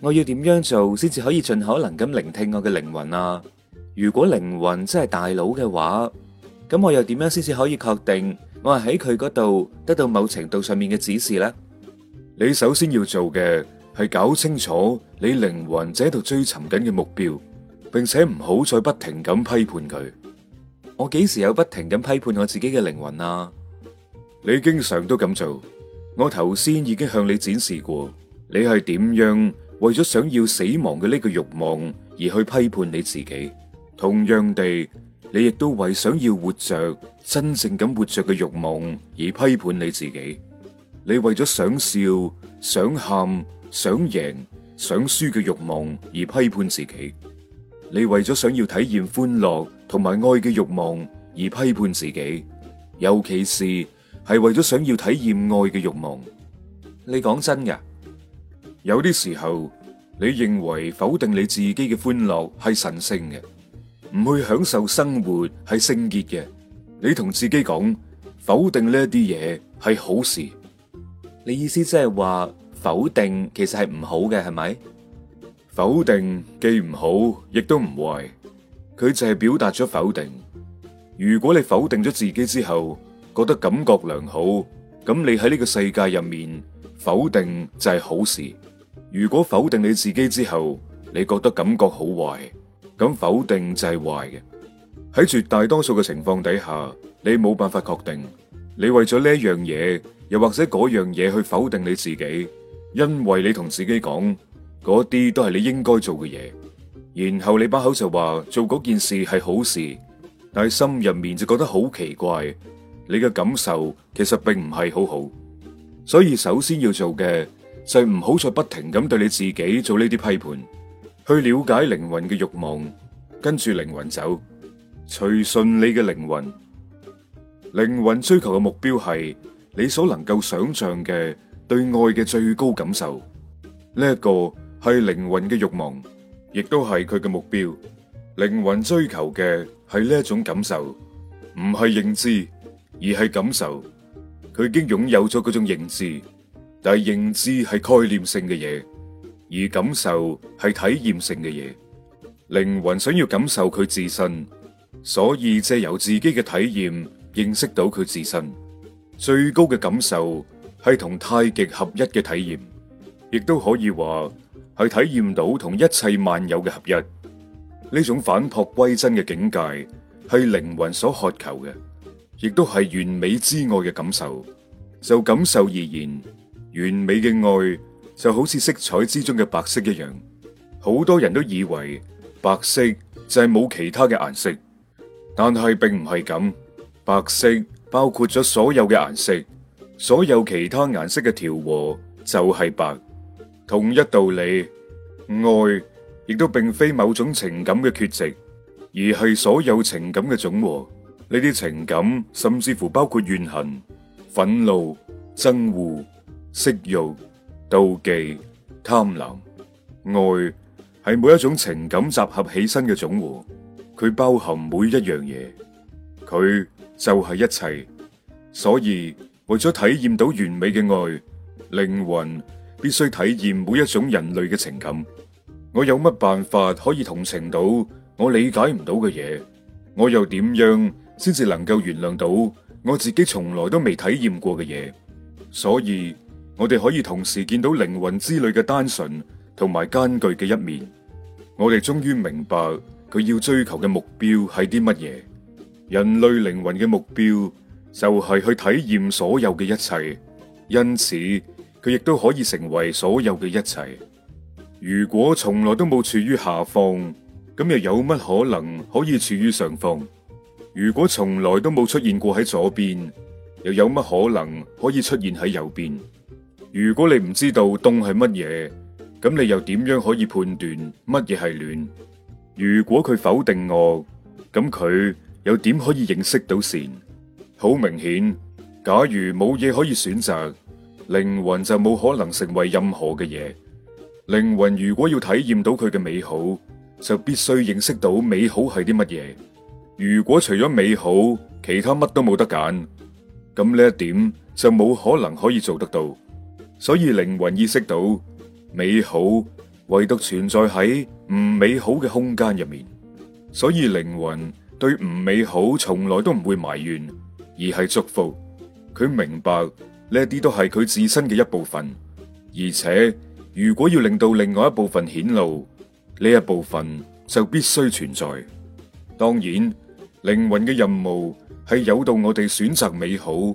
我要點樣做先至可以盡可能咁聆聽我嘅靈魂啊？如果靈魂真係大佬嘅話，咁我又點樣先至可以確定我係喺佢嗰度得到某程度上面嘅指示呢？你首先要做嘅係搞清楚你靈魂喺度追尋緊嘅目標，並且唔好再不停咁批判佢。我幾時有不停咁批判我自己嘅靈魂啊？你經常都咁做。我頭先已經向你展示過，你係點樣？為咗想要死亡嘅呢個欲望而去批判你自己，同樣地，你亦都為想要活着、真正咁活着嘅欲望而批判你自己。你為咗想笑、想喊、想贏、想輸嘅欲望而批判自己。你為咗想要體驗歡樂同埋愛嘅欲望而批判自己，尤其是係為咗想要體驗愛嘅欲望。你講真㗎。有啲時候，你認為否定你自己嘅歡樂係神聖嘅，唔去享受生活係聖潔嘅，你同自己講，否定呢一啲嘢係好事。你意思即係話否定其實係唔好嘅，係咪？否定既唔好亦都唔壞，佢淨係表達咗否定。如果你否定咗自己之後覺得感覺良好，咁你喺呢個世界入面否定就係好事。如果否定你自己之後，你覺得感覺好壞，咁否定就係壞嘅。喺絕大多數嘅情況底下，你冇辦法確定你為咗呢樣嘢，又或者嗰樣嘢去否定你自己，因為你同自己講嗰啲都係你應該做嘅嘢，然後你把口就話做嗰件事係好事，但係心入面就覺得好奇怪，你嘅感受其實並唔係好好。所以首先要做嘅。就唔好再不停咁對你自己做呢啲批判，去了解靈魂嘅慾望，跟住靈魂走，隨順你嘅靈魂。靈魂追求嘅目標係你所能夠想象嘅對愛嘅最高感受。呢一個係靈魂嘅慾望，亦都係佢嘅目標。靈魂追求嘅係呢一種感受，唔係認知，而係感受。佢已經擁有咗嗰種認知。但係認知係概念性嘅嘢，而感受係體驗性嘅嘢。靈魂想要感受佢自身，所以借由自己嘅體驗，認識到佢自身最高嘅感受係同太極合一嘅體驗，亦都可以話係體驗到同一切萬有嘅合一。呢種返璞歸真嘅境界係靈魂所渴求嘅，亦都係完美之外嘅感受。就感受而言。完美嘅愛就好似色彩之中嘅白色一樣，好多人都以為白色就係冇其他嘅顏色，但係並唔係咁。白色包括咗所有嘅顏色，所有其他顏色嘅調和就係白。同一道理，愛亦都並非某種情感嘅缺席，而係所有情感嘅總和。呢啲情感甚至乎包括怨恨、憤怒、憎惡、色慾、妒忌、貪婪、愛係每一種情感集合起身嘅總和，佢包含每一樣嘢，佢就係一切。所以為咗體驗到完美嘅愛，靈魂必須體驗每一種人類嘅情感。我有乜辦法可以同情到我理解唔到嘅嘢？我又點樣先至能夠原諒到我自己從來都未體驗過嘅嘢？所以。我哋可以同時見到靈魂之旅嘅單純同埋艱巨嘅一面，我哋終於明白佢要追求嘅目標係啲乜嘢。人類靈魂嘅目標就係去體驗所有嘅一切，因此佢亦都可以成為所有嘅一切。如果從來都冇處於下方，咁又有乜可能可以處於上方？如果從來都冇出現過喺左邊，又有乜可能可以出現喺右邊？如果你唔知道凍係乜嘢，咁你又點樣可以判斷乜嘢係暖？如果佢否定惡，咁佢又點可以認識到善？好明顯，假如冇嘢可以選擇，靈魂就冇可能成為任何嘅嘢。靈魂如果要體驗到佢嘅美好，就必須認識到美好係啲乜嘢。如果除咗美好，其他乜都冇得揀，咁呢一點就冇可能可以做得到。所以靈魂意識到美好，唯獨存在喺唔美好嘅空間入面。所以靈魂對唔美好從來都唔會埋怨，而係祝福。佢明白呢一啲都係佢自身嘅一部分，而且如果要令到另外一部分顯露，呢一部分就必須存在。當然，靈魂嘅任務係誘導我哋選擇美好。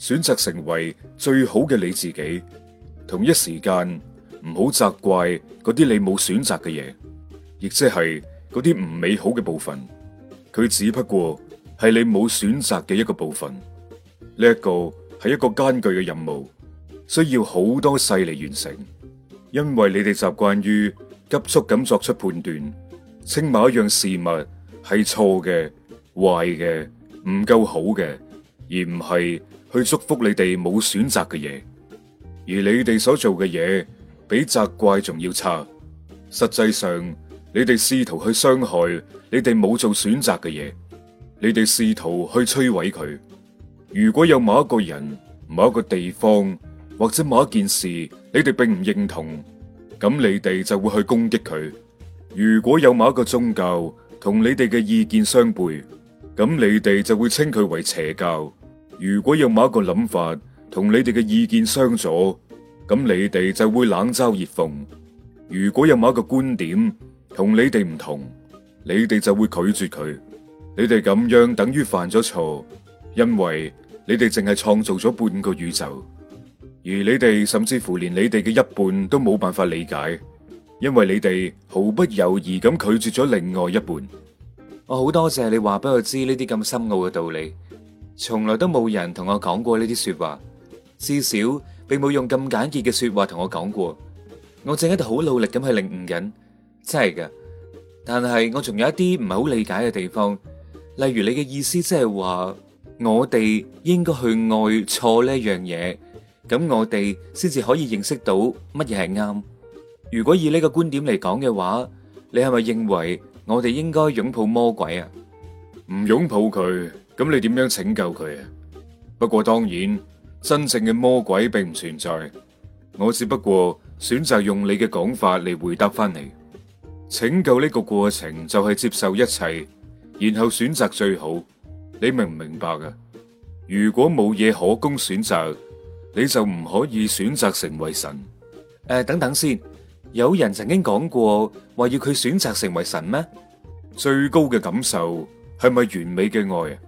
選擇成為最好嘅你自己，同一時間唔好責怪嗰啲你冇選擇嘅嘢，亦即係嗰啲唔美好嘅部分。佢只不過係你冇選擇嘅一個部分。呢一個係一個艱巨嘅任務，需要好多細嚟完成。因為你哋習慣於急速咁作出判斷，稱某一樣事物係錯嘅、壞嘅、唔夠好嘅，而唔係。去祝福你哋冇選擇嘅嘢，而你哋所做嘅嘢比責怪仲要差。實際上，你哋試圖去傷害你哋冇做選擇嘅嘢，你哋試圖去摧毀佢。如果有某一個人、某一個地方或者某一件事，你哋並唔認同，咁你哋就會去攻擊佢。如果有某一個宗教同你哋嘅意見相悖，咁你哋就會稱佢為邪教。如果有某一個諗法同你哋嘅意見相左，咁你哋就會冷嘲熱諷；如果有某一個觀點同你哋唔同，你哋就會拒絕佢。你哋咁樣等於犯咗錯，因為你哋淨係創造咗半個宇宙，而你哋甚至乎連你哋嘅一半都冇辦法理解，因為你哋毫不猶豫咁拒絕咗另外一半。我好多謝你話俾我知呢啲咁深奧嘅道理。從來都冇人同我講過呢啲說話，至少並冇用咁簡潔嘅說話同我講過。我正喺度好努力咁去領悟緊，真係噶。但係我仲有一啲唔係好理解嘅地方，例如你嘅意思即係話我哋應該去愛錯呢樣嘢，咁我哋先至可以認識到乜嘢係啱。如果以呢個觀點嚟講嘅話，你係咪認為我哋應該擁抱魔鬼啊？唔擁抱佢，咁你點樣拯救佢啊？不過當然，真正嘅魔鬼並唔存在，我只不過選擇用你嘅講法嚟回答翻你。拯救呢個過程就係接受一切，然後選擇最好。你明唔明白啊？如果冇嘢可供選擇，你就唔可以選擇成為神。誒、呃，等等先，有人曾經講過話要佢選擇成為神咩？最高嘅感受。係咪完美嘅愛啊？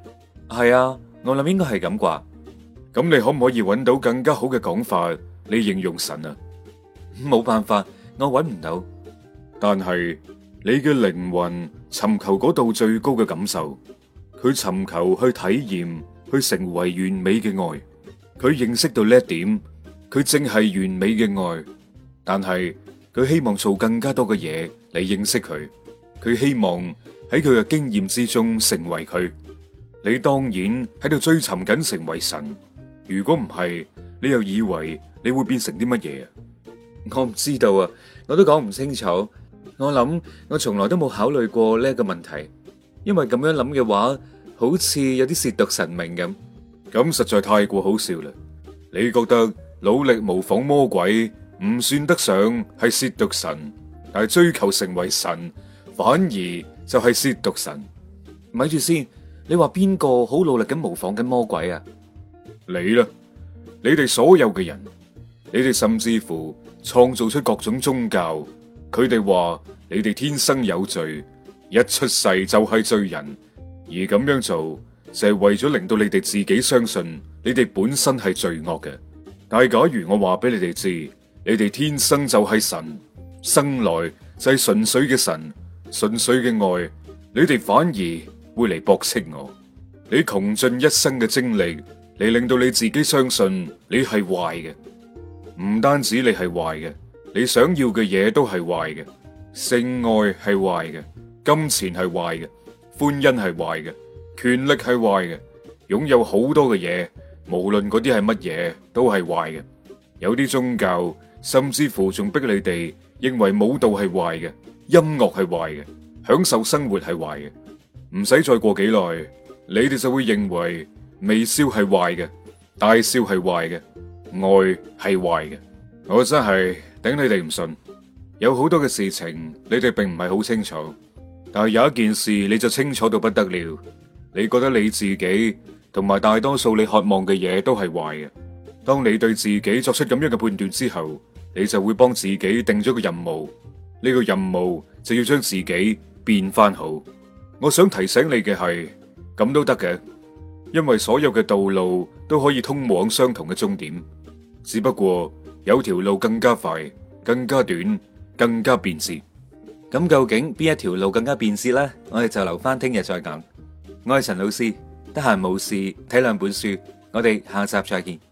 係啊，我諗應該係咁啩。咁你可唔可以搵到更加好嘅講法嚟形容神啊？冇辦法，我搵唔到。但係你嘅靈魂尋求嗰度最高嘅感受，佢尋求去體驗，去成為完美嘅愛。佢認識到呢一點，佢正係完美嘅愛。但係佢希望做更加多嘅嘢嚟認識佢。佢希望喺佢嘅經驗之中成為佢，你當然喺度追尋緊成為神。如果唔係，你又以為你會變成啲乜嘢啊？我唔知道啊，我都講唔清楚。我諗我從來都冇考慮過呢個問題，因為咁樣諗嘅話，好似有啲褻瀆神明咁。咁實在太過好笑啦。你覺得努力模仿魔鬼唔算得上係褻瀆神，但係追求成為神反而。就係褻瀆神，咪住先。你話邊個好努力咁模仿緊魔鬼啊？你啦，你哋所有嘅人，你哋甚至乎創造出各種宗教，佢哋話你哋天生有罪，一出世就係罪人，而咁樣做就係為咗令到你哋自己相信你哋本身係罪惡嘅。但係假如我話俾你哋知，你哋天生就係神，生來就係純粹嘅神。純粹嘅愛，你哋反而會嚟駁斥我。你窮盡一生嘅精力嚟令到你自己相信你係壞嘅，唔單止你係壞嘅，你想要嘅嘢都係壞嘅。性愛係壞嘅，金錢係壞嘅，歡欣係壞嘅，權力係壞嘅，擁有好多嘅嘢，無論嗰啲係乜嘢都係壞嘅。有啲宗教甚至乎仲逼你哋認為舞蹈係壞嘅。音樂係壞嘅，享受生活係壞嘅，唔使再過幾耐，你哋就會認為微笑係壞嘅，大笑係壞嘅，愛係壞嘅。我真係頂你哋唔順，有好多嘅事情你哋並唔係好清楚，但係有一件事你就清楚到不得了，你覺得你自己同埋大多數你渴望嘅嘢都係壞嘅。當你對自己作出咁樣嘅判斷之後，你就會幫自己定咗個任務。呢個任務就要將自己變翻好。我想提醒你嘅係，咁都得嘅，因為所有嘅道路都可以通往相同嘅終點，只不過有條路更加快、更加短、更加便捷。咁究竟邊一條路更加便捷咧？我哋就留翻聽日再講。我係陳老師，得閒冇事睇兩本書，我哋下集再見。